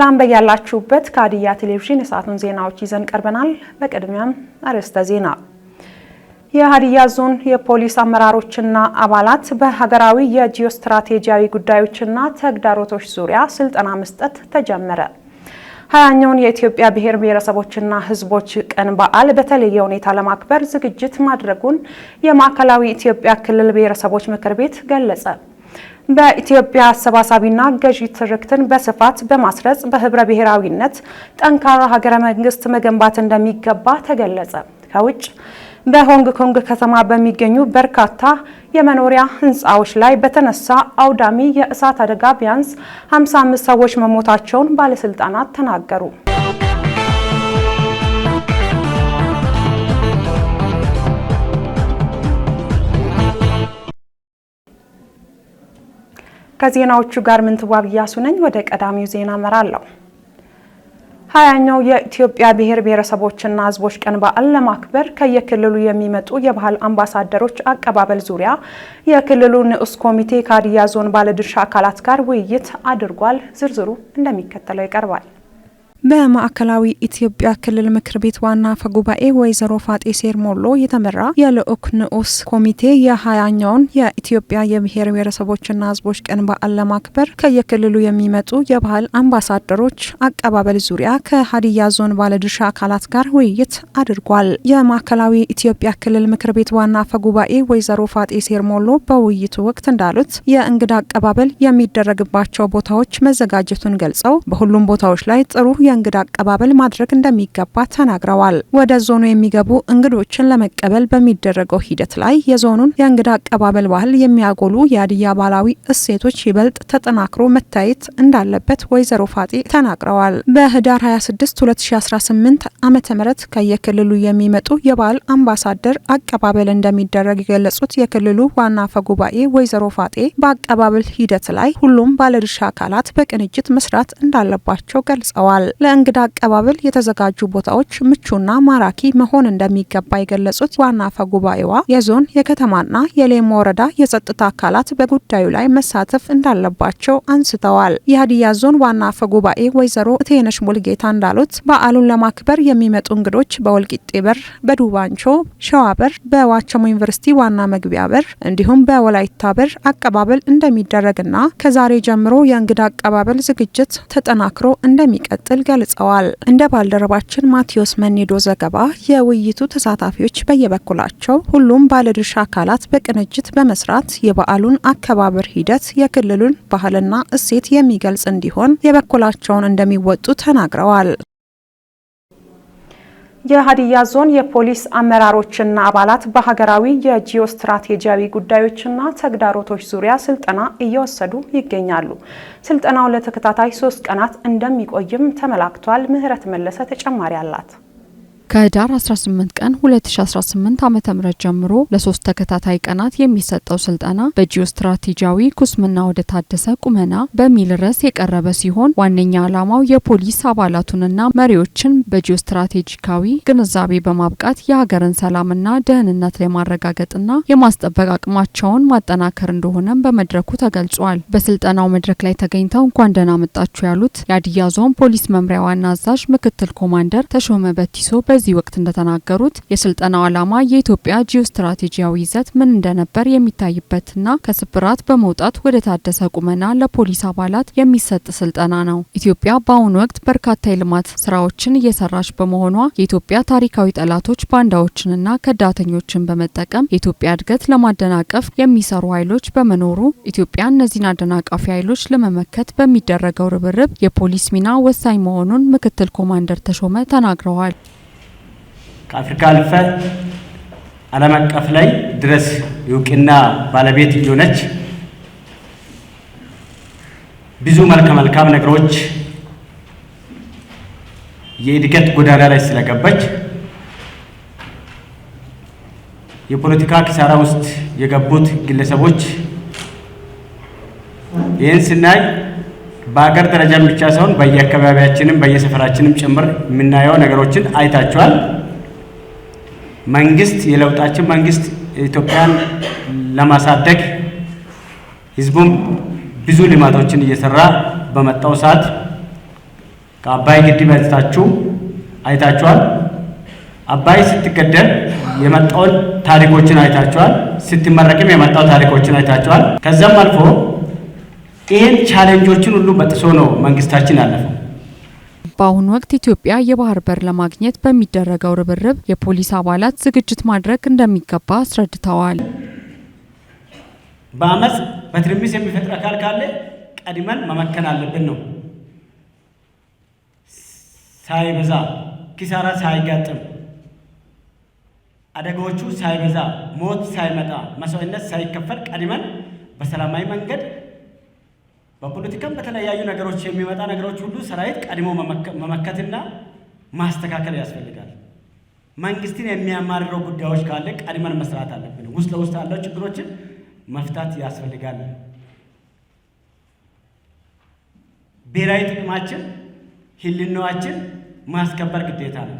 ሰላም በያላችሁበት ከሀዲያ ቴሌቪዥን የሰዓቱን ዜናዎች ይዘን ቀርበናል። በቅድሚያም አርዕስተ ዜና። የሀዲያ ዞን የፖሊስ አመራሮችና አባላት በሀገራዊ የጂኦ ስትራቴጂያዊ ጉዳዮችና ተግዳሮቶች ዙሪያ ስልጠና መስጠት ተጀመረ። ሀያኛውን የኢትዮጵያ ብሔር ብሔረሰቦችና ሕዝቦች ቀን በዓል በተለየ ሁኔታ ለማክበር ዝግጅት ማድረጉን የማዕከላዊ ኢትዮጵያ ክልል ብሔረሰቦች ምክር ቤት ገለጸ። በኢትዮጵያ አሰባሳቢና ገዢ ትርክትን በስፋት በማስረጽ በህብረ ብሔራዊነት ጠንካራ ሀገረ መንግስት መገንባት እንደሚገባ ተገለጸ። ከውጭ በሆንግ ኮንግ ከተማ በሚገኙ በርካታ የመኖሪያ ህንፃዎች ላይ በተነሳ አውዳሚ የእሳት አደጋ ቢያንስ 55 ሰዎች መሞታቸውን ባለስልጣናት ተናገሩ። ከዜናዎቹ ጋር ምንትዋብ እያሱ ነኝ። ወደ ቀዳሚው ዜና መራለሁ። ሀያኛው የኢትዮጵያ ብሔር ብሔረሰቦችና ሕዝቦች ቀን በዓል ለማክበር ከየክልሉ የሚመጡ የባህል አምባሳደሮች አቀባበል ዙሪያ የክልሉ ንዑስ ኮሚቴ ከሀዲያ ዞን ባለድርሻ አካላት ጋር ውይይት አድርጓል። ዝርዝሩ እንደሚከተለው ይቀርባል። በማዕከላዊ ኢትዮጵያ ክልል ምክር ቤት ዋና አፈ ጉባኤ ወይዘሮ ፋጤ ሴርሞሎ የተመራ የልዑክ ንዑስ ኮሚቴ የሀያኛውን የኢትዮጵያ የብሔር ብሔረሰቦችና ሕዝቦች ቀን በዓል ለማክበር ከየክልሉ የሚመጡ የባህል አምባሳደሮች አቀባበል ዙሪያ ከሀዲያ ዞን ባለድርሻ አካላት ጋር ውይይት አድርጓል። የማዕከላዊ ኢትዮጵያ ክልል ምክር ቤት ዋና አፈ ጉባኤ ወይዘሮ ፋጤ ሴርሞሎ በውይይቱ ወቅት እንዳሉት የእንግዳ አቀባበል የሚደረግባቸው ቦታዎች መዘጋጀቱን ገልጸው በሁሉም ቦታዎች ላይ ጥሩ የእንግዳ አቀባበል ማድረግ እንደሚገባ ተናግረዋል። ወደ ዞኑ የሚገቡ እንግዶችን ለመቀበል በሚደረገው ሂደት ላይ የዞኑን የእንግዳ አቀባበል ባህል የሚያጎሉ የሀዲያ ባህላዊ እሴቶች ይበልጥ ተጠናክሮ መታየት እንዳለበት ወይዘሮ ፋጤ ተናግረዋል። በህዳር 26 2018 ዓ.ም ከየክልሉ የሚመጡ የባህል አምባሳደር አቀባበል እንደሚደረግ የገለጹት የክልሉ ዋና አፈ ጉባኤ ወይዘሮ ፋጤ በአቀባበል ሂደት ላይ ሁሉም ባለድርሻ አካላት በቅንጅት መስራት እንዳለባቸው ገልጸዋል። ለእንግዳ አቀባበል የተዘጋጁ ቦታዎች ምቹና ማራኪ መሆን እንደሚገባ የገለጹት ዋና አፈ ጉባኤዋ የዞን የከተማና የሌሞ ወረዳ የጸጥታ አካላት በጉዳዩ ላይ መሳተፍ እንዳለባቸው አንስተዋል። የሀዲያ ዞን ዋና አፈ ጉባኤ ወይዘሮ እቴነሽ ሙልጌታ እንዳሉት በዓሉን ለማክበር የሚመጡ እንግዶች በወልቂጤ በር፣ በዱባንቾ ሸዋ በር፣ በዋቸሞ ዩኒቨርሲቲ ዋና መግቢያ በር እንዲሁም በወላይታ በር አቀባበል እንደሚደረግና ከዛሬ ጀምሮ የእንግዳ አቀባበል ዝግጅት ተጠናክሮ እንደሚቀጥል ገልጸዋል። እንደ ባልደረባችን ማቴዎስ መኔዶ ዘገባ የውይይቱ ተሳታፊዎች በየበኩላቸው ሁሉም ባለድርሻ አካላት በቅንጅት በመስራት የበዓሉን አከባበር ሂደት የክልሉን ባህልና እሴት የሚገልጽ እንዲሆን የበኩላቸውን እንደሚወጡ ተናግረዋል። የሀዲያ ዞን የፖሊስ አመራሮችና አባላት በሀገራዊ የጂኦ ስትራቴጂያዊ ጉዳዮችና ተግዳሮቶች ዙሪያ ስልጠና እየወሰዱ ይገኛሉ። ስልጠናው ለተከታታይ ሶስት ቀናት እንደሚቆይም ተመላክቷል። ምህረት መለሰ ተጨማሪ አላት። ከህዳር 18 ቀን 2018 ዓ.ም ጀምሮ ለሶስት ተከታታይ ቀናት የሚሰጠው ስልጠና በጂኦ ስትራቴጂያዊ ኩስምና ወደ ታደሰ ቁመና በሚል ርዕስ የቀረበ ሲሆን ዋነኛ ዓላማው የፖሊስ አባላቱንና መሪዎችን በጂኦ ስትራቴጂካዊ ግንዛቤ በማብቃት የሀገርን ሰላምና ደህንነት ለማረጋገጥና የማስጠበቅ አቅማቸውን ማጠናከር እንደሆነም በመድረኩ ተገልጿል። በስልጠናው መድረክ ላይ ተገኝተው እንኳን ደህና መጣችሁ ያሉት የሀዲያ ዞን ፖሊስ መምሪያ ዋና አዛዥ ምክትል ኮማንደር ተሾመ በቲሶ በዚህ ወቅት እንደተናገሩት የስልጠናው ዓላማ የኢትዮጵያ ጂኦ ስትራቴጂያዊ ይዘት ምን እንደነበር የሚታይበትና ከስብራት በመውጣት ወደ ታደሰ ቁመና ለፖሊስ አባላት የሚሰጥ ስልጠና ነው። ኢትዮጵያ በአሁኑ ወቅት በርካታ የልማት ስራዎችን እየሰራች በመሆኗ የኢትዮጵያ ታሪካዊ ጠላቶች ባንዳዎችንና ከዳተኞችን በመጠቀም የኢትዮጵያ እድገት ለማደናቀፍ የሚሰሩ ኃይሎች በመኖሩ ኢትዮጵያ እነዚህን አደናቃፊ ኃይሎች ለመመከት በሚደረገው ርብርብ የፖሊስ ሚና ወሳኝ መሆኑን ምክትል ኮማንደር ተሾመ ተናግረዋል። ከአፍሪካ አልፈ ዓለም አቀፍ ላይ ድረስ እውቅና ባለቤት እየሆነች ብዙ መልከ መልካም ነገሮች የእድገት ጎዳና ላይ ስለገባች የፖለቲካ ኪሳራ ውስጥ የገቡት ግለሰቦች ይህን ስናይ በሀገር ደረጃም ብቻ ሳይሆን በየአካባቢያችንም በየሰፈራችንም ጭምር የምናየው ነገሮችን አይታችኋል። መንግስት የለውጣችን መንግስት ኢትዮጵያን ለማሳደግ ህዝቡም ብዙ ልማቶችን እየሰራ በመጣው ሰዓት ከአባይ ግድብ አይታችሁ አይታችኋል። አባይ ስትገደል የመጣውን ታሪኮችን አይታችኋል። ስትመረቅም የመጣው ታሪኮችን አይታችኋል። ከዛም አልፎ ይህን ቻሌንጆችን ሁሉ በጥሶ ነው መንግስታችን ያለፈው። በአሁኑ ወቅት ኢትዮጵያ የባህር በር ለማግኘት በሚደረገው ርብርብ የፖሊስ አባላት ዝግጅት ማድረግ እንደሚገባ አስረድተዋል። በአመፅ በትርምስ የሚፈጥር አካል ካለ ቀድመን መመከን አለብን ነው ሳይበዛ ኪሳራ ሳይጋጥም አደጋዎቹ ሳይበዛ ሞት ሳይመጣ መስዋዕትነት ሳይከፈል ቀድመን በሰላማዊ መንገድ በፖለቲካም በተለያዩ ነገሮች የሚመጣ ነገሮች ሁሉ ሰራዊት ቀድሞ መመከትና ማስተካከል ያስፈልጋል። መንግስትን የሚያማርረው ጉዳዮች ካለ ቀድመን መስራት አለብን። ውስጥ ለውስጥ ያለው ችግሮችን መፍታት ያስፈልጋል። ብሔራዊ ጥቅማችን ሕልውናችን ማስከበር ግዴታ ነው።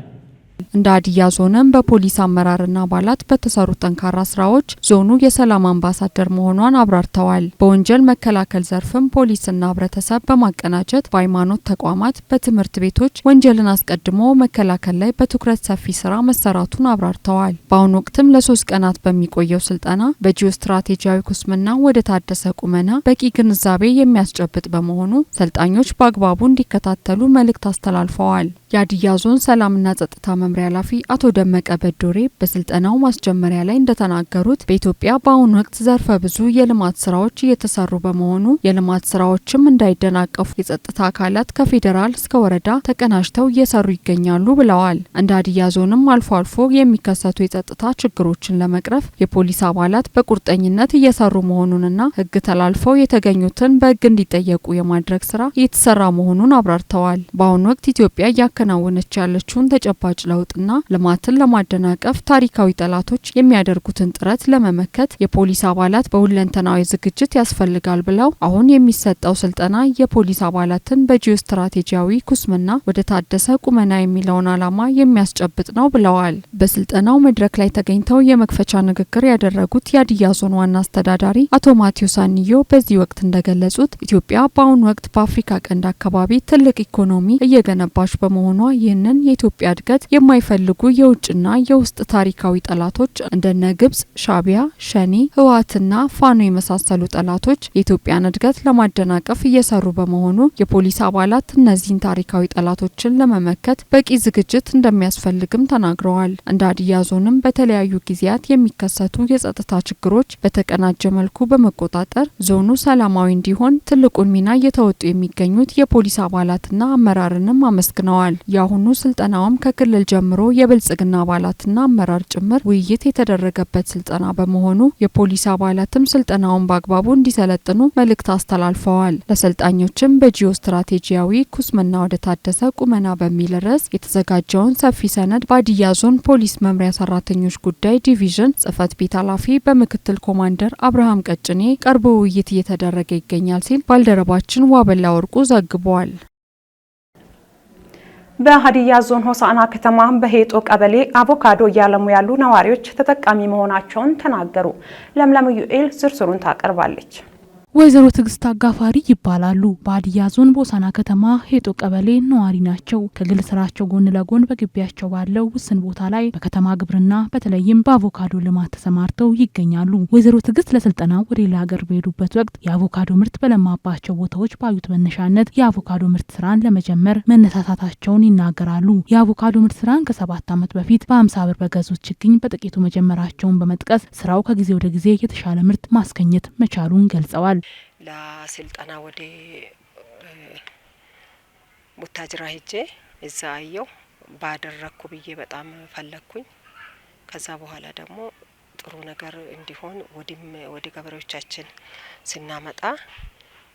እንደ ሀዲያ ዞንም በፖሊስ አመራርና አባላት በተሰሩ ጠንካራ ስራዎች ዞኑ የሰላም አምባሳደር መሆኗን አብራርተዋል። በወንጀል መከላከል ዘርፍም ፖሊስና ህብረተሰብ በማቀናጀት በሃይማኖት ተቋማት፣ በትምህርት ቤቶች ወንጀልን አስቀድሞ መከላከል ላይ በትኩረት ሰፊ ስራ መሰራቱን አብራርተዋል። በአሁኑ ወቅትም ለሶስት ቀናት በሚቆየው ስልጠና በጂኦ ስትራቴጂያዊ ኩስምና ወደ ታደሰ ቁመና በቂ ግንዛቤ የሚያስጨብጥ በመሆኑ ሰልጣኞች በአግባቡ እንዲከታተሉ መልእክት አስተላልፈዋል። የሀዲያ ዞን ሰላምና ጸጥታ መምሪያ ኃላፊ አቶ ደመቀ በዶሬ በስልጠናው ማስጀመሪያ ላይ እንደተናገሩት በኢትዮጵያ በአሁኑ ወቅት ዘርፈ ብዙ የልማት ስራዎች እየተሰሩ በመሆኑ የልማት ስራዎችም እንዳይደናቀፉ የጸጥታ አካላት ከፌዴራል እስከ ወረዳ ተቀናጅተው እየሰሩ ይገኛሉ ብለዋል። እንደ ሀዲያ ዞንም አልፎ አልፎ የሚከሰቱ የጸጥታ ችግሮችን ለመቅረፍ የፖሊስ አባላት በቁርጠኝነት እየሰሩ መሆኑንና ሕግ ተላልፈው የተገኙትን በሕግ እንዲጠየቁ የማድረግ ስራ እየተሰራ መሆኑን አብራርተዋል። በአሁኑ ወቅት ኢትዮጵያ እያከናወነች ያለችውን ተጨባጭ ለውጥና ልማትን ለማደናቀፍ ታሪካዊ ጠላቶች የሚያደርጉትን ጥረት ለመመከት የፖሊስ አባላት በሁለንተናዊ ዝግጅት ያስፈልጋል ብለው አሁን የሚሰጠው ስልጠና የፖሊስ አባላትን በጂኦ ስትራቴጂያዊ ኩስምና ወደ ታደሰ ቁመና የሚለውን ዓላማ የሚያስጨብጥ ነው ብለዋል። በስልጠናው መድረክ ላይ ተገኝተው የመክፈቻ ንግግር ያደረጉት የሀዲያ ዞን ዋና አስተዳዳሪ አቶ ማቴዎስ አንዮ በዚህ ወቅት እንደገለጹት ኢትዮጵያ በአሁኑ ወቅት በአፍሪካ ቀንድ አካባቢ ትልቅ ኢኮኖሚ እየገነባች በመሆኑ በመሆኗ ይህንን የኢትዮጵያ እድገት የማይፈልጉ የውጭና የውስጥ ታሪካዊ ጠላቶች እንደነ ግብጽ፣ ሻቢያ፣ ሸኔ፣ ህወሓትና ፋኖ የመሳሰሉ ጠላቶች የኢትዮጵያን እድገት ለማደናቀፍ እየሰሩ በመሆኑ የፖሊስ አባላት እነዚህን ታሪካዊ ጠላቶችን ለመመከት በቂ ዝግጅት እንደሚያስፈልግም ተናግረዋል። እንደ ሀዲያ ዞንም በተለያዩ ጊዜያት የሚከሰቱ የጸጥታ ችግሮች በተቀናጀ መልኩ በመቆጣጠር ዞኑ ሰላማዊ እንዲሆን ትልቁን ሚና እየተወጡ የሚገኙት የፖሊስ አባላትና አመራርንም አመስግነዋል። የአሁኑ ስልጠናውም ከክልል ጀምሮ የብልጽግና አባላትና አመራር ጭምር ውይይት የተደረገበት ስልጠና በመሆኑ የፖሊስ አባላትም ስልጠናውን በአግባቡ እንዲሰለጥኑ መልእክት አስተላልፈዋል። ለሰልጣኞችም በጂኦ ስትራቴጂያዊ ኩስምና ወደ ታደሰ ቁመና በሚል ርዕስ የተዘጋጀውን ሰፊ ሰነድ በሀዲያ ዞን ፖሊስ መምሪያ ሰራተኞች ጉዳይ ዲቪዥን ጽህፈት ቤት ኃላፊ በምክትል ኮማንደር አብርሃም ቀጭኔ ቀርቦ ውይይት እየተደረገ ይገኛል ሲል ባልደረባችን ዋበላ ወርቁ ዘግቧል። በሀዲያ ዞን ሆሳና ከተማ በሄጦ ቀበሌ አቮካዶ እያለሙ ያሉ ነዋሪዎች ተጠቃሚ መሆናቸውን ተናገሩ። ለምለም ዩኤል ዝርዝሩን ታቀርባለች። ወይዘሮ ትዕግስት አጋፋሪ ይባላሉ። በሀዲያ ዞን ቦሳና ከተማ ሄጦ ቀበሌ ነዋሪ ናቸው። ከግል ስራቸው ጎን ለጎን በግቢያቸው ባለው ውስን ቦታ ላይ በከተማ ግብርና በተለይም በአቮካዶ ልማት ተሰማርተው ይገኛሉ። ወይዘሮ ትዕግስት ለስልጠና ወደ ሌላ ሀገር በሄዱበት ወቅት የአቮካዶ ምርት በለማባቸው ቦታዎች ባዩት መነሻነት የአቮካዶ ምርት ስራን ለመጀመር መነሳሳታቸውን ይናገራሉ። የአቮካዶ ምርት ስራን ከሰባት ዓመት በፊት በአምሳ ብር በገዙት ችግኝ በጥቂቱ መጀመራቸውን በመጥቀስ ስራው ከጊዜ ወደ ጊዜ የተሻለ ምርት ማስገኘት መቻሉን ገልጸዋል። ለስልጠና ወደ ቡታጅራ ሄጄ እዛ አየው ባደረግኩ ብዬ በጣም ፈለግኩኝ። ከዛ በኋላ ደግሞ ጥሩ ነገር እንዲሆን ወዲም ወደ ገበሬዎቻችን ስናመጣ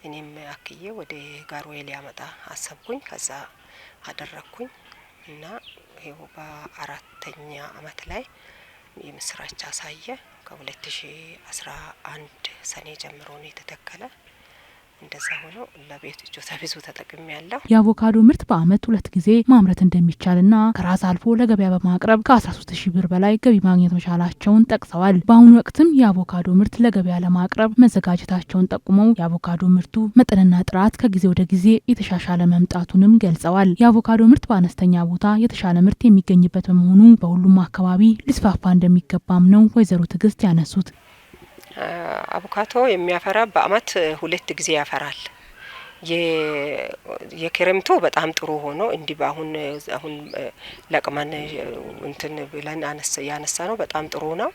እኔም አክዬ ወደ ጋሮዌ ሊያመጣ አሰብኩኝ። ከዛ አደረግኩኝ እና ይኸው በአራተኛ አመት ላይ የምስራች አሳየ። ከ2011 ሰኔ ጀምሮ ነው የተተከለ። እንደዛ ሆኖ ለቤት እጆታ ብዙ ተጠቅሚ ያለው የአቮካዶ ምርት በአመት ሁለት ጊዜ ማምረት እንደሚቻልና ከራስ አልፎ ለገበያ በማቅረብ ከ13 ሺህ ብር በላይ ገቢ ማግኘት መቻላቸውን ጠቅሰዋል። በአሁኑ ወቅትም የአቮካዶ ምርት ለገበያ ለማቅረብ መዘጋጀታቸውን ጠቁመው የአቮካዶ ምርቱ መጠንና ጥራት ከጊዜ ወደ ጊዜ የተሻሻለ መምጣቱንም ገልጸዋል። የአቮካዶ ምርት በአነስተኛ ቦታ የተሻለ ምርት የሚገኝበት በመሆኑ በሁሉም አካባቢ ሊስፋፋ እንደሚገባም ነው ወይዘሮ ትዕግስት ያነሱት። አቮካዶ የሚያፈራ በአመት ሁለት ጊዜ ያፈራል። የክረምቱ በጣም ጥሩ ሆኖ እንዲህ በአሁን አሁን ለቅመን እንትን ብለን ያነሳ ነው በጣም ጥሩ ነው።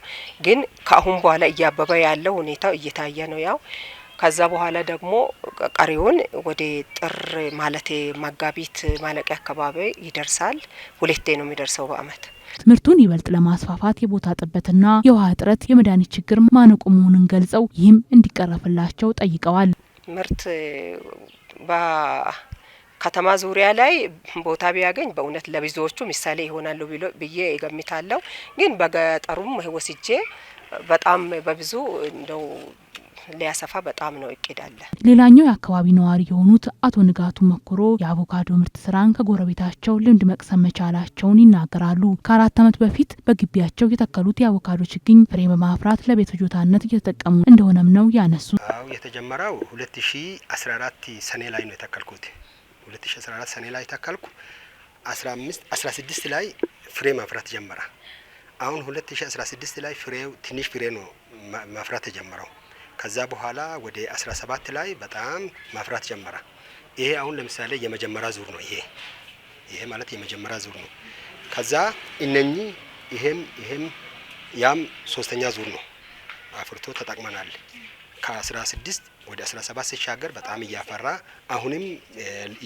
ግን ከአሁን በኋላ እያበበ ያለው ሁኔታው እየታየ ነው። ያው ከዛ በኋላ ደግሞ ቀሪውን ወደ ጥር ማለቴ መጋቢት ማለቂያ አካባቢ ይደርሳል። ሁለቴ ነው የሚደርሰው በአመት። ትምህርቱን ይበልጥ ለማስፋፋት የቦታ ጥበትና የውሃ እጥረት የመድኃኒት ችግር ማነቆ መሆኑን ገልጸው ይህም እንዲቀረፍላቸው ጠይቀዋል። ምርት ከተማ ዙሪያ ላይ ቦታ ቢያገኝ በእውነት ለብዙዎቹ ምሳሌ ይሆናሉ ብዬ እገምታለሁ። ግን በገጠሩም ወስጄ በጣም በብዙ እንደው ሊያሰፋ በጣም ነው እቅዳለ። ሌላኛው የአካባቢ ነዋሪ የሆኑት አቶ ንጋቱ መኮሮ የአቮካዶ ምርት ስራን ከጎረቤታቸው ልምድ መቅሰም መቻላቸውን ይናገራሉ። ከአራት ዓመት በፊት በግቢያቸው የተከሉት የአቮካዶ ችግኝ ፍሬ በማፍራት ለቤት ፍጆታነት እየተጠቀሙ እንደሆነም ነው ያነሱ። የተጀመረው ሁለት ሺ አስራ አራት ሰኔ ላይ ነው የተከልኩት። ሁለት ሺ አስራ አራት ሰኔ ላይ ተከልኩ። አስራ አምስት አስራ ስድስት ላይ ፍሬ ማፍራት ጀመረ። አሁን 2016 ላይ ፍሬው ትንሽ ፍሬ ነው ማፍራት የጀመረው። ከዛ በኋላ ወደ 17 ላይ በጣም ማፍራት ጀመረ። ይሄ አሁን ለምሳሌ የመጀመሪያ ዙር ነው። ይሄ ይሄ ማለት የመጀመሪያ ዙር ነው። ከዛ እነኚህ ይሄም ይሄም ያም ሶስተኛ ዙር ነው አፍርቶ ተጠቅመናል። ከ16 ወደ 17 ሲሻገር በጣም እያፈራ አሁንም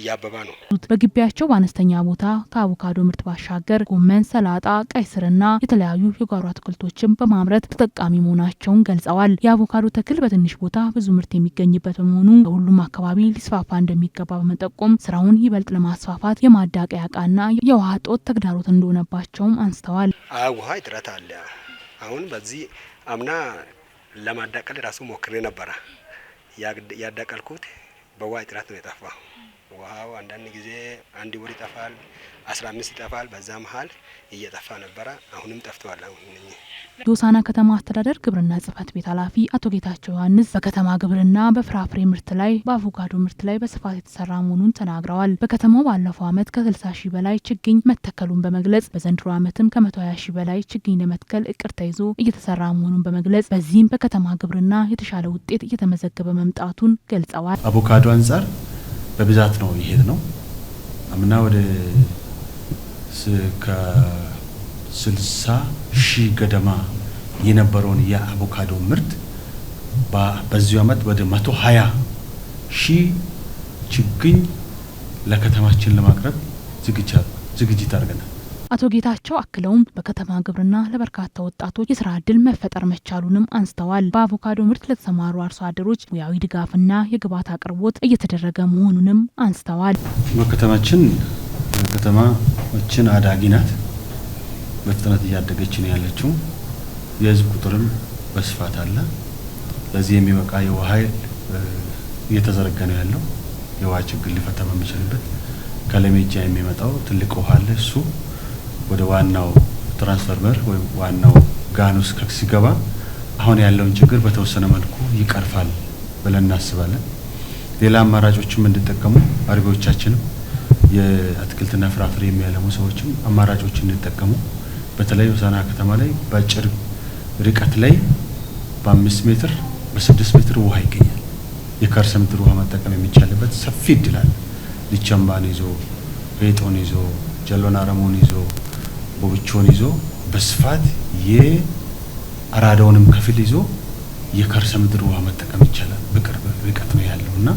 እያበባ ነው። በግቢያቸው በአነስተኛ ቦታ ከአቮካዶ ምርት ባሻገር ጎመን፣ ሰላጣ፣ ቀይ ስርና የተለያዩ የጓሮ አትክልቶችን በማምረት ተጠቃሚ መሆናቸውን ገልጸዋል። የአቮካዶ ተክል በትንሽ ቦታ ብዙ ምርት የሚገኝበት በመሆኑ በሁሉም አካባቢ ሊስፋፋ እንደሚገባ በመጠቆም ስራውን ይበልጥ ለማስፋፋት የማዳቀያ እቃና የውሃ እጦት ተግዳሮት እንደሆነባቸውም አንስተዋል። ውሃ እጥረት አለ። አሁን በዚህ አምና ለማዳቀል ራሱ ሞክሬ ነበረ። ያዳቀልኩት በውሃ እጥረት ነው የጠፋው። ውሃው አንዳንድ ጊዜ አንድ ወር ይጠፋል። አስራ አምስት ይጠፋል። በዛ መሀል እየጠፋ ነበረ። አሁንም ጠፍተዋል። አሁን የሆሳዕና ከተማ አስተዳደር ግብርና ጽህፈት ቤት ኃላፊ አቶ ጌታቸው ዮሐንስ በከተማ ግብርና በፍራፍሬ ምርት ላይ በአቮካዶ ምርት ላይ በስፋት የተሰራ መሆኑን ተናግረዋል። በከተማው ባለፈው ዓመት ከ60 ሺህ በላይ ችግኝ መተከሉን በመግለጽ በዘንድሮ ዓመትም ከ120 ሺህ በላይ ችግኝ ለመትከል እቅድ ተይዞ እየተሰራ መሆኑን በመግለጽ በዚህም በከተማ ግብርና የተሻለ ውጤት እየተመዘገበ መምጣቱን ገልጸዋል። አቮካዶ አንጻር በብዛት ነው ይሄድ ነው አምና ወደ ከስልሳ ሺህ ገደማ የነበረውን የአቮካዶ ምርት በዚሁ ዓመት ወደ መቶ ሀያ ሺህ ችግኝ ለከተማችን ለማቅረብ ዝግጅት አድርገናል። አቶ ጌታቸው አክለውም በከተማ ግብርና ለበርካታ ወጣቶች የስራ እድል መፈጠር መቻሉንም አንስተዋል። በአቮካዶ ምርት ለተሰማሩ አርሶ አደሮች ሙያዊ ድጋፍና የግብዓት አቅርቦት እየተደረገ መሆኑንም አንስተዋል። በከተማችን ከተማችን አዳጊ ናት። በፍጥነት እያደገች ነው ያለችው። የህዝብ ቁጥርም በስፋት አለ። ለዚህ የሚበቃ የውሃ ኃይል እየተዘረጋ ነው ያለው። የውሃ ችግር ሊፈታ በሚችልበት ከለሜጃ የሚመጣው ትልቅ ውሃ አለ። እሱ ወደ ዋናው ትራንስፈርመር ወይም ዋናው ጋን ውስጥ ሲገባ አሁን ያለውን ችግር በተወሰነ መልኩ ይቀርፋል ብለን እናስባለን። ሌላ አማራጮችም እንድጠቀሙ አርቢዎቻችንም የአትክልትና ፍራፍሬ የሚያለሙ ሰዎችም አማራጮች እንጠቀሙ። በተለይ ሆሳዕና ከተማ ላይ በአጭር ርቀት ላይ በአምስት ሜትር በስድስት ሜትር ውሃ ይገኛል። የከርሰ ምድር ውሃ መጠቀም የሚቻልበት ሰፊ እድል አለ። ይዞ ሬጦን ይዞ ጀሎን አረሞን ይዞ ቦብቾን ይዞ በስፋት የአራዳውንም ክፍል ይዞ የከርሰ ምድር ውሃ መጠቀም ይቻላል። በቅርብ ርቀት ነው ያለው እና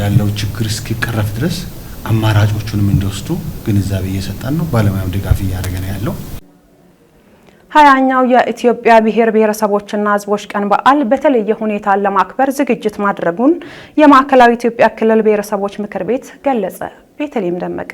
ያለው ችግር እስኪቀረፍ ድረስ አማራጮቹንም እንዲወስዱ ግንዛቤ እየሰጠን ነው። ባለሙያም ድጋፍ እያደረገ ነው ያለው። ሀያኛው የኢትዮጵያ ብሔር ብሔረሰቦችና ሕዝቦች ቀን በዓል በተለየ ሁኔታ ለማክበር ዝግጅት ማድረጉን የማዕከላዊ ኢትዮጵያ ክልል ብሔረሰቦች ምክር ቤት ገለጸ። ቤተልሔም ደመቀ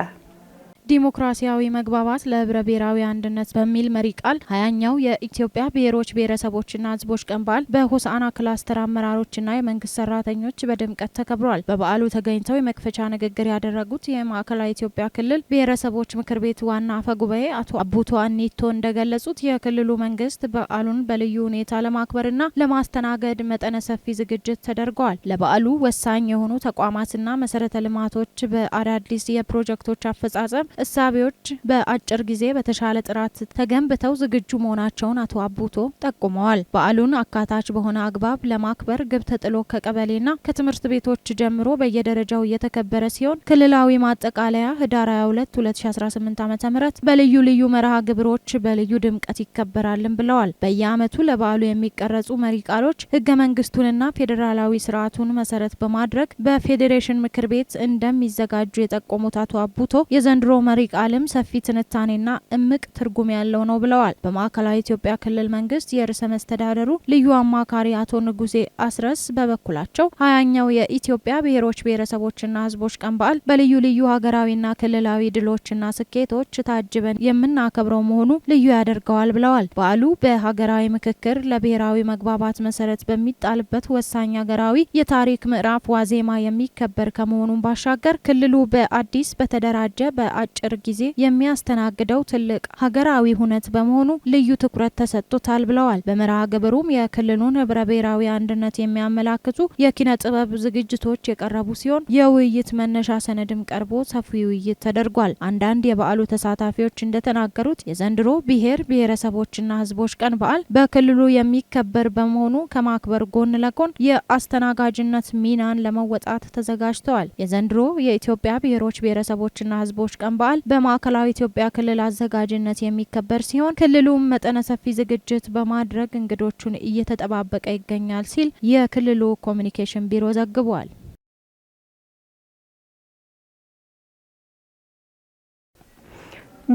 ዲሞክራሲያዊ መግባባት ለህብረ ብሔራዊ አንድነት በሚል መሪ ቃል ሀያኛው የኢትዮጵያ ብሔሮች ብሔረሰቦችና ህዝቦች ቀን በዓል በሆሳአና ክላስተር አመራሮችና የመንግስት ሰራተኞች በድምቀት ተከብሯል። በበዓሉ ተገኝተው የመክፈቻ ንግግር ያደረጉት የማዕከላዊ ኢትዮጵያ ክልል ብሔረሰቦች ምክር ቤት ዋና አፈ ጉባኤ አቶ አቡቶ አኒቶ እንደገለጹት የክልሉ መንግስት በዓሉን በልዩ ሁኔታ ለማክበርና ለማስተናገድ መጠነ ሰፊ ዝግጅት ተደርገዋል። ለበዓሉ ወሳኝ የሆኑ ተቋማትና መሰረተ ልማቶች በአዳዲስ የፕሮጀክቶች አፈጻጸም እሳቤዎች በአጭር ጊዜ በተሻለ ጥራት ተገንብተው ዝግጁ መሆናቸውን አቶ አቡቶ ጠቁመዋል። በዓሉን አካታች በሆነ አግባብ ለማክበር ግብ ተጥሎ ከቀበሌና ከትምህርት ቤቶች ጀምሮ በየደረጃው እየተከበረ ሲሆን ክልላዊ ማጠቃለያ ህዳር 22 2018 ዓ ም በልዩ ልዩ መርሃ ግብሮች በልዩ ድምቀት ይከበራልን ብለዋል። በየአመቱ ለበዓሉ የሚቀረጹ መሪ ቃሎች ህገ መንግስቱንና ፌዴራላዊ ስርዓቱን መሰረት በማድረግ በፌዴሬሽን ምክር ቤት እንደሚዘጋጁ የጠቆሙት አቶ አቡቶ የዘንድሮ መሪ ቃልም ሰፊ ትንታኔና እምቅ ትርጉም ያለው ነው ብለዋል። በማዕከላዊ ኢትዮጵያ ክልል መንግስት የርዕሰ መስተዳደሩ ልዩ አማካሪ አቶ ንጉሴ አስረስ በበኩላቸው ሀያኛው የኢትዮጵያ ብሔሮች ብሔረሰቦችና ህዝቦች ቀን በዓል በልዩ ልዩ ሀገራዊና ክልላዊ ድሎችና ስኬቶች ታጅበን የምናከብረው መሆኑ ልዩ ያደርገዋል ብለዋል። በዓሉ በሀገራዊ ምክክር ለብሔራዊ መግባባት መሰረት በሚጣልበት ወሳኝ ሀገራዊ የታሪክ ምዕራፍ ዋዜማ የሚከበር ከመሆኑን ባሻገር ክልሉ በአዲስ በተደራጀ በአ በአጭር ጊዜ የሚያስተናግደው ትልቅ ሀገራዊ ሁነት በመሆኑ ልዩ ትኩረት ተሰጥቶታል ብለዋል። በመርሃ ግብሩም የክልሉን ህብረ ብሔራዊ አንድነት የሚያመላክቱ የኪነ ጥበብ ዝግጅቶች የቀረቡ ሲሆን የውይይት መነሻ ሰነድም ቀርቦ ሰፊ ውይይት ተደርጓል። አንዳንድ የበዓሉ ተሳታፊዎች እንደተናገሩት የዘንድሮ ብሔር ብሔረሰቦችና ህዝቦች ቀን በዓል በክልሉ የሚከበር በመሆኑ ከማክበር ጎን ለጎን የአስተናጋጅነት ሚናን ለመወጣት ተዘጋጅተዋል። የዘንድሮ የኢትዮጵያ ብሔሮች ብሔረሰቦችና ህዝቦች ቀን በዓል በማዕከላዊ ኢትዮጵያ ክልል አዘጋጅነት የሚከበር ሲሆን ክልሉም መጠነ ሰፊ ዝግጅት በማድረግ እንግዶቹን እየተጠባበቀ ይገኛል ሲል የክልሉ ኮሚኒኬሽን ቢሮ ዘግቧል።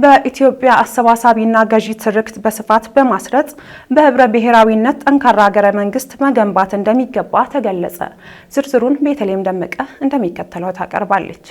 በኢትዮጵያ አሰባሳቢና ገዢ ትርክት በስፋት በማስረጽ በህብረ ብሔራዊነት ጠንካራ ሀገረ መንግስት መገንባት እንደሚገባ ተገለጸ። ዝርዝሩን ቤተልሔም ደመቀ እንደሚከተለው ታቀርባለች።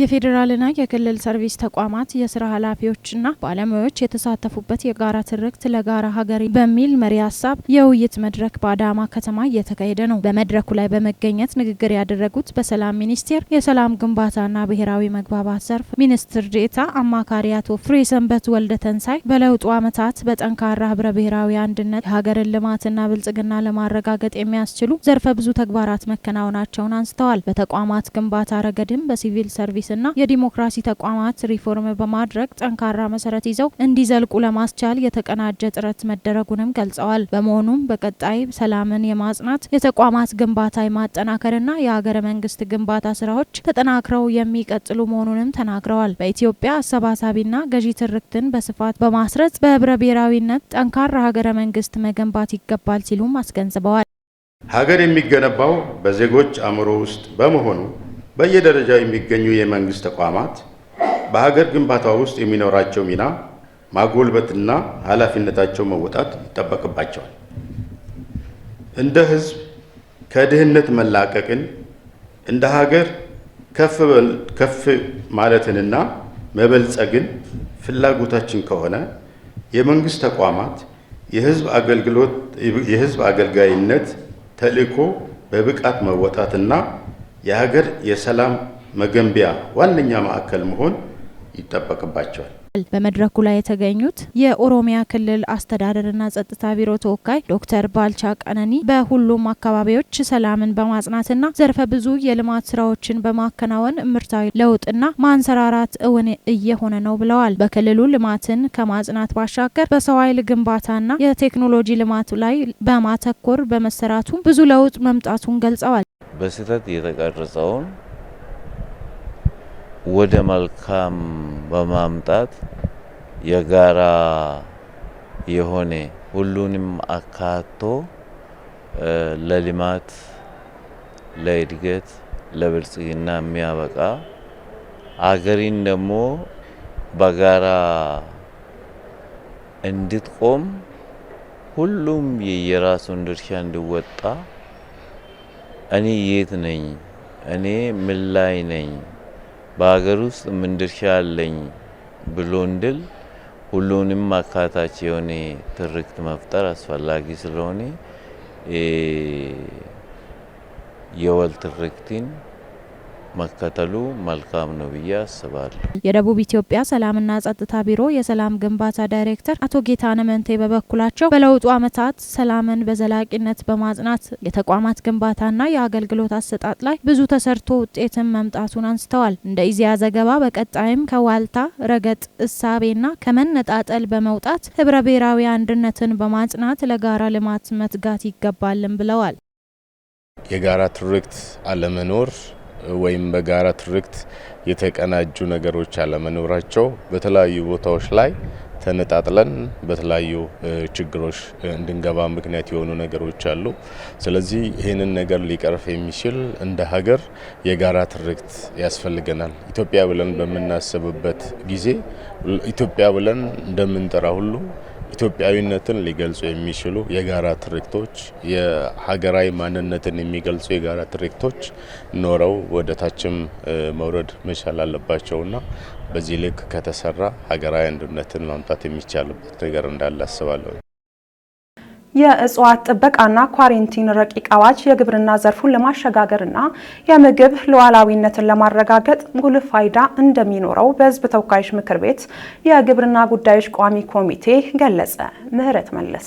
የፌዴራልና የክልል ሰርቪስ ተቋማት የስራ ኃላፊዎችና ባለሙያዎች የተሳተፉበት የጋራ ትርክት ለጋራ ሀገር በሚል መሪ ሀሳብ የውይይት መድረክ በአዳማ ከተማ እየተካሄደ ነው። በመድረኩ ላይ በመገኘት ንግግር ያደረጉት በሰላም ሚኒስቴር የሰላም ግንባታና ብሔራዊ መግባባት ዘርፍ ሚኒስትር ዴታ አማካሪ አቶ ሰንበት ወልደ ተንሳይ በለውጡ ዓመታት በጠንካራ ህብረ ብሔራዊ አንድነት የሀገርን ልማትና ብልጽግና ለማረጋገጥ የሚያስችሉ ዘርፈ ብዙ ተግባራት መከናወናቸውን አንስተዋል። በተቋማት ግንባታ ረገድም በሲቪል ሰርቪስ ና የዲሞክራሲ ተቋማት ሪፎርም በማድረግ ጠንካራ መሰረት ይዘው እንዲዘልቁ ለማስቻል የተቀናጀ ጥረት መደረጉንም ገልጸዋል። በመሆኑም በቀጣይ ሰላምን የማጽናት የተቋማት ግንባታ የማጠናከር ና የሀገረ መንግስት ግንባታ ስራዎች ተጠናክረው የሚቀጥሉ መሆኑንም ተናግረዋል። በኢትዮጵያ አሰባሳቢ ና ገዢ ትርክትን በስፋት በማስረጽ በህብረ ብሔራዊነት ጠንካራ ሀገረ መንግስት መገንባት ይገባል ሲሉም አስገንዝበዋል። ሀገር የሚገነባው በዜጎች አእምሮ ውስጥ በመሆኑ በየደረጃው የሚገኙ የመንግስት ተቋማት በሀገር ግንባታ ውስጥ የሚኖራቸው ሚና ማጎልበትና ኃላፊነታቸው መወጣት ይጠበቅባቸዋል። እንደ ህዝብ ከድህነት መላቀቅን፣ እንደ ሀገር ከፍ ማለትንና መበልጸግን ፍላጎታችን ከሆነ የመንግስት ተቋማት የህዝብ አገልግሎት የህዝብ አገልጋይነት ተልዕኮ በብቃት መወጣትና የሀገር የሰላም መገንቢያ ዋነኛ ማዕከል መሆን ይጠበቅባቸዋል። በመድረኩ ላይ የተገኙት የኦሮሚያ ክልል አስተዳደርና ጸጥታ ቢሮ ተወካይ ዶክተር ባልቻ ቀነኒ በሁሉም አካባቢዎች ሰላምን በማጽናትና ዘርፈ ብዙ የልማት ስራዎችን በማከናወን ምርታዊ ለውጥና ማንሰራራት እውን እየሆነ ነው ብለዋል። በክልሉ ልማትን ከማጽናት ባሻገር በሰው ኃይል ግንባታና የቴክኖሎጂ ልማት ላይ በማተኮር በመሰራቱ ብዙ ለውጥ መምጣቱን ገልጸዋል። በስህተት የተቀረጸውን ወደ መልካም በማምጣት የጋራ የሆነ ሁሉንም አካቶ ለልማት፣ ለእድገት፣ ለብልጽግና የሚያበቃ አገሪን ደግሞ በጋራ እንድትቆም ሁሉም የየራሱን ድርሻ እንዲወጣ እኔ የት ነኝ? እኔ ምን ላይ ነኝ? በሀገር ውስጥ ምን ድርሻ አለኝ ብሎ እንድል ሁሉንም አካታች የሆነ ትርክት መፍጠር አስፈላጊ ስለሆነ የወል ትርክትን መከተሉ መልካም ነው ብዬ አስባለሁ። የደቡብ ኢትዮጵያ ሰላምና ጸጥታ ቢሮ የሰላም ግንባታ ዳይሬክተር አቶ ጌታነ መንቴ በበኩላቸው በለውጡ ዓመታት ሰላምን በዘላቂነት በማጽናት የተቋማት ግንባታና የአገልግሎት አሰጣጥ ላይ ብዙ ተሰርቶ ውጤትን መምጣቱን አንስተዋል። እንደ ኢዜአ ዘገባ በቀጣይም ከዋልታ ረገጥ እሳቤና ከመነጣጠል በመውጣት ህብረ ብሔራዊ አንድነትን በማጽናት ለጋራ ልማት መትጋት ይገባልን ብለዋል። የጋራ ትርክት አለመኖር ወይም በጋራ ትርክት የተቀናጁ ነገሮች አለመኖራቸው በተለያዩ ቦታዎች ላይ ተነጣጥለን በተለያዩ ችግሮች እንድንገባ ምክንያት የሆኑ ነገሮች አሉ። ስለዚህ ይህንን ነገር ሊቀርፍ የሚችል እንደ ሀገር የጋራ ትርክት ያስፈልገናል። ኢትዮጵያ ብለን በምናስብበት ጊዜ ኢትዮጵያ ብለን እንደምንጠራ ሁሉ ኢትዮጵያዊነትን ሊገልጹ የሚችሉ የጋራ ትርክቶች፣ የሀገራዊ ማንነትን የሚገልጹ የጋራ ትርክቶች ኖረው ወደ ታችም መውረድ መቻል አለባቸውና በዚህ ልክ ከተሰራ ሀገራዊ አንድነትን ማምጣት የሚቻልበት ነገር እንዳለ አስባለሁ። የእጽዋት ጥበቃና ኳሬንቲን ረቂቅ አዋጅ የግብርና ዘርፉን ለማሸጋገርና የምግብ ሉዓላዊነትን ለማረጋገጥ ጉልህ ፋይዳ እንደሚኖረው በሕዝብ ተወካዮች ምክር ቤት የግብርና ጉዳዮች ቋሚ ኮሚቴ ገለጸ። ምህረት መለሰ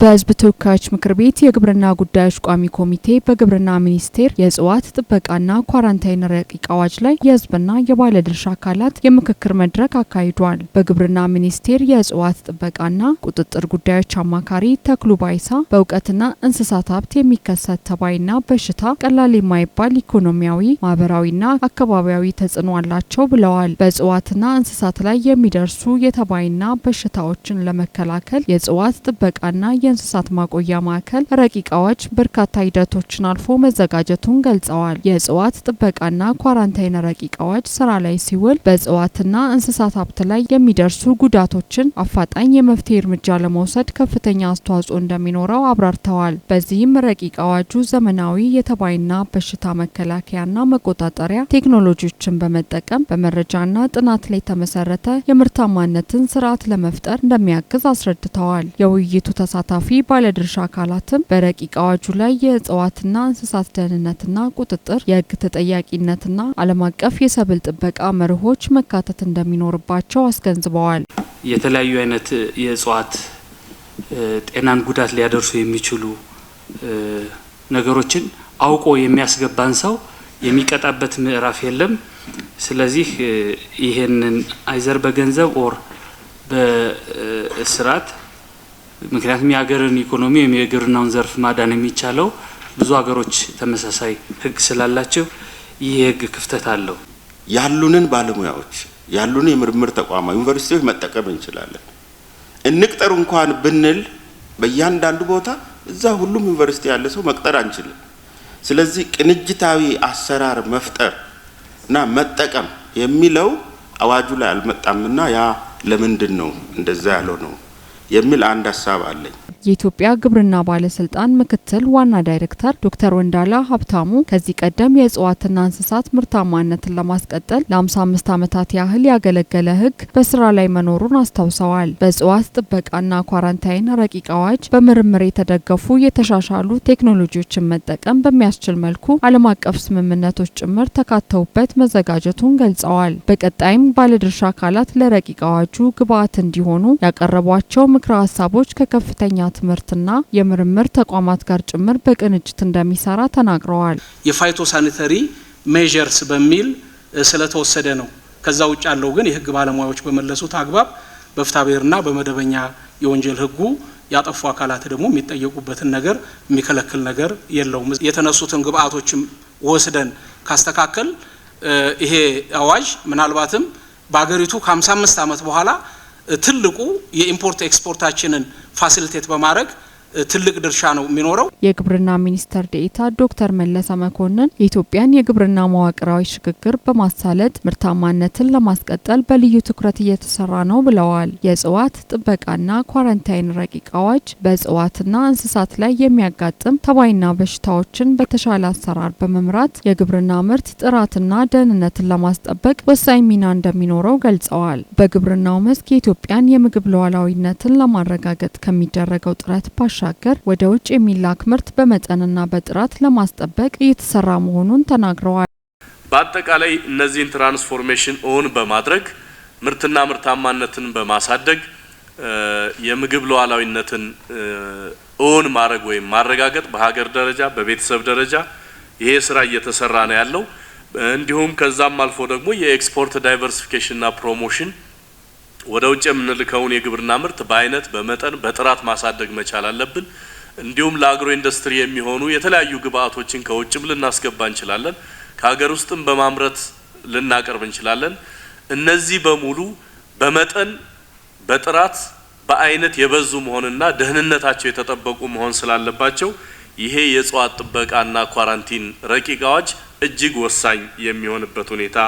በሕዝብ ተወካዮች ምክር ቤት የግብርና ጉዳዮች ቋሚ ኮሚቴ በግብርና ሚኒስቴር የእጽዋት ጥበቃና ኳራንታይን ረቂቅ አዋጅ ላይ የህዝብና የባለድርሻ አካላት የምክክር መድረክ አካሂዷል። በግብርና ሚኒስቴር የእጽዋት ጥበቃና ቁጥጥር ጉዳዮች አማካሪ ተክሉ ባይሳ በእውቀትና እንስሳት ሀብት የሚከሰት ተባይና በሽታ ቀላል የማይባል ኢኮኖሚያዊ፣ ማህበራዊና አካባቢያዊ ተጽዕኖ አላቸው ብለዋል። በእጽዋትና እንስሳት ላይ የሚደርሱ የተባይና በሽታዎችን ለመከላከል የእጽዋት ጥበቃና የእንስሳት ማቆያ ማዕከል ረቂቅ አዋጅ በርካታ ሂደቶችን አልፎ መዘጋጀቱን ገልጸዋል። የእጽዋት ጥበቃና ኳራንታይን ረቂቅ አዋጅ ስራ ላይ ሲውል በእጽዋትና እንስሳት ሀብት ላይ የሚደርሱ ጉዳቶችን አፋጣኝ የመፍትሄ እርምጃ ለመውሰድ ከፍተኛ አስተዋጽኦ እንደሚኖረው አብራርተዋል። በዚህም ረቂቅ አዋጁ ዘመናዊ የተባይና በሽታ መከላከያና መቆጣጠሪያ ቴክኖሎጂዎችን በመጠቀም በመረጃና ጥናት ላይ የተመሰረተ የምርታማነትን ስርዓት ለመፍጠር እንደሚያግዝ አስረድተዋል። የውይይቱ ተሳ ተሳታፊ ባለድርሻ አካላትም በረቂቅ አዋጁ ላይ የእጽዋትና እንስሳት ደህንነትና ቁጥጥር፣ የህግ ተጠያቂነትና ዓለም አቀፍ የሰብል ጥበቃ መርሆች መካተት እንደሚኖርባቸው አስገንዝበዋል። የተለያዩ አይነት የእጽዋት ጤናን ጉዳት ሊያደርሱ የሚችሉ ነገሮችን አውቆ የሚያስገባን ሰው የሚቀጣበት ምዕራፍ የለም። ስለዚህ ይሄንን አይዘር በገንዘብ ኦር በእስራት ምክንያቱም የሀገርን ኢኮኖሚ ወይም የግብርናውን ዘርፍ ማዳን የሚቻለው ብዙ ሀገሮች ተመሳሳይ ህግ ስላላቸው ይህ የህግ ክፍተት አለው። ያሉንን ባለሙያዎች ያሉን የምርምር ተቋማት ዩኒቨርሲቲዎች መጠቀም እንችላለን። እንቅጠሩ እንኳን ብንል በእያንዳንዱ ቦታ እዛ ሁሉም ዩኒቨርሲቲ ያለ ሰው መቅጠር አንችልም። ስለዚህ ቅንጅታዊ አሰራር መፍጠር እና መጠቀም የሚለው አዋጁ ላይ አልመጣምና ያ ለምንድን ነው እንደዛ ያለው ነው? የሚል አንድ ሀሳብ አለኝ። የኢትዮጵያ ግብርና ባለስልጣን ምክትል ዋና ዳይሬክተር ዶክተር ወንዳላ ሀብታሙ ከዚህ ቀደም የእጽዋትና እንስሳት ምርታማነትን ለማስቀጠል ለ55 ዓመታት ያህል ያገለገለ ሕግ በስራ ላይ መኖሩን አስታውሰዋል። በእጽዋት ጥበቃና ኳራንታይን ረቂቅ አዋጅ በምርምር የተደገፉ የተሻሻሉ ቴክኖሎጂዎችን መጠቀም በሚያስችል መልኩ ዓለም አቀፍ ስምምነቶች ጭምር ተካተውበት መዘጋጀቱን ገልጸዋል። በቀጣይም ባለድርሻ አካላት ለረቂቅ አዋጁ ግብዓት እንዲሆኑ ያቀረቧቸው ምክረ ሀሳቦች ከከፍተኛ ትምህርትና የምርምር ተቋማት ጋር ጭምር በቅንጅት እንደሚሰራ ተናግረዋል። የፋይቶ ሳኒተሪ በሚል ስለተወሰደ ነው። ከዛ ውጭ ያለው ግን የህግ ባለሙያዎች በመለሱት አግባብ በፍትሐ ብሔርና በመደበኛ የወንጀል ህጉ ያጠፉ አካላት ደግሞ የሚጠየቁበትን ነገር የሚከለክል ነገር የለውም። የተነሱትን ግብአቶችም ወስደን ካስተካከል ይሄ አዋጅ ምናልባትም በሀገሪቱ ከ55 ዓመት በኋላ ትልቁ የኢምፖርት ኤክስፖርታችንን ፋሲሊቴት በማድረግ ትልቅ ድርሻ ነው የሚኖረው። የግብርና ሚኒስተር ዴኤታ ዶክተር መለሰ መኮንን የኢትዮጵያን የግብርና መዋቅራዊ ሽግግር በማሳለጥ ምርታማነትን ለማስቀጠል በልዩ ትኩረት እየተሰራ ነው ብለዋል። የእጽዋት ጥበቃና ኳረንታይን ረቂቅ አዋጅ በእጽዋትና እንስሳት ላይ የሚያጋጥም ተባይና በሽታዎችን በተሻለ አሰራር በመምራት የግብርና ምርት ጥራትና ደህንነትን ለማስጠበቅ ወሳኝ ሚና እንደሚኖረው ገልጸዋል። በግብርናው መስክ የኢትዮጵያን የምግብ ሉዓላዊነትን ለማረጋገጥ ከሚደረገው ጥረት ባሻ ባሻገር ወደ ውጭ የሚላክ ምርት በመጠንና በጥራት ለማስጠበቅ እየተሰራ መሆኑን ተናግረዋል። በአጠቃላይ እነዚህን ትራንስፎርሜሽን እውን በማድረግ ምርትና ምርታማነትን በማሳደግ የምግብ ሉዓላዊነትን እውን ማድረግ ወይም ማረጋገጥ በሀገር ደረጃ በቤተሰብ ደረጃ ይሄ ስራ እየተሰራ ነው ያለው። እንዲሁም ከዛም አልፎ ደግሞ የኤክስፖርት ዳይቨርሲፊኬሽንና ፕሮሞሽን ወደ ውጭ የምንልከውን የግብርና ምርት በአይነት፣ በመጠን፣ በጥራት ማሳደግ መቻል አለብን። እንዲሁም ለአግሮ ኢንዱስትሪ የሚሆኑ የተለያዩ ግብአቶችን ከውጭም ልናስገባ እንችላለን። ከሀገር ውስጥም በማምረት ልናቀርብ እንችላለን። እነዚህ በሙሉ በመጠን፣ በጥራት፣ በአይነት የበዙ መሆንና ደህንነታቸው የተጠበቁ መሆን ስላለባቸው ይሄ የእጽዋት ጥበቃና ኳራንቲን ረቂቅ አዋጅ እጅግ ወሳኝ የሚሆንበት ሁኔታ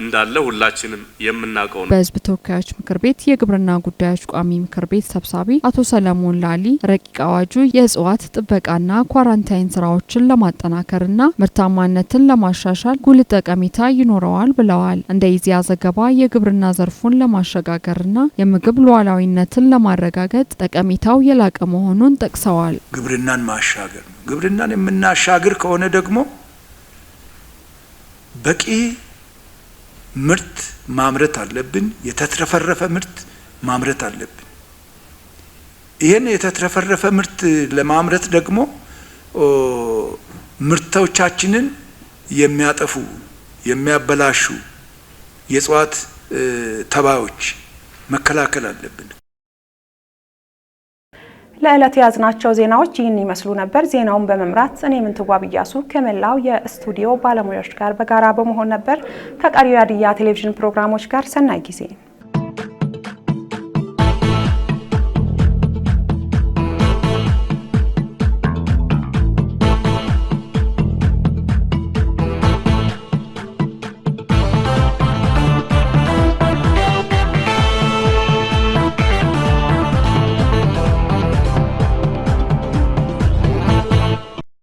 እንዳለ ሁላችንም የምናውቀው ነው። በህዝብ ተወካዮች ምክር ቤት የግብርና ጉዳዮች ቋሚ ምክር ቤት ሰብሳቢ አቶ ሰለሞን ላሊ ረቂቅ አዋጁ የእጽዋት ጥበቃና ኳራንታይን ስራዎችን ለማጠናከርና ምርታማነትን ለማሻሻል ጉልህ ጠቀሜታ ይኖረዋል ብለዋል። እንደ ኢዜአ ዘገባ የግብርና ዘርፉን ለማሸጋገርና የምግብ ሉዓላዊነትን ለማረጋገጥ ጠቀሜታው የላቀ መሆኑን ጠቅሰዋል። ግብርናን ማሻገር ግብርናን የምናሻግር ከሆነ ደግሞ በቂ ምርት ማምረት አለብን። የተትረፈረፈ ምርት ማምረት አለብን። ይህን የተትረፈረፈ ምርት ለማምረት ደግሞ ምርቶቻችንን የሚያጠፉ የሚያበላሹ የእጽዋት ተባዮች መከላከል አለብን። ለዕለት የያዝናቸው ዜናዎች ይህን ይመስሉ ነበር። ዜናውን በመምራት እኔ ምንትዋብ እያሱ ከመላው የስቱዲዮ ባለሙያዎች ጋር በጋራ በመሆን ነበር። ከቀሪው የሀዲያ ቴሌቪዥን ፕሮግራሞች ጋር ሰናይ ጊዜ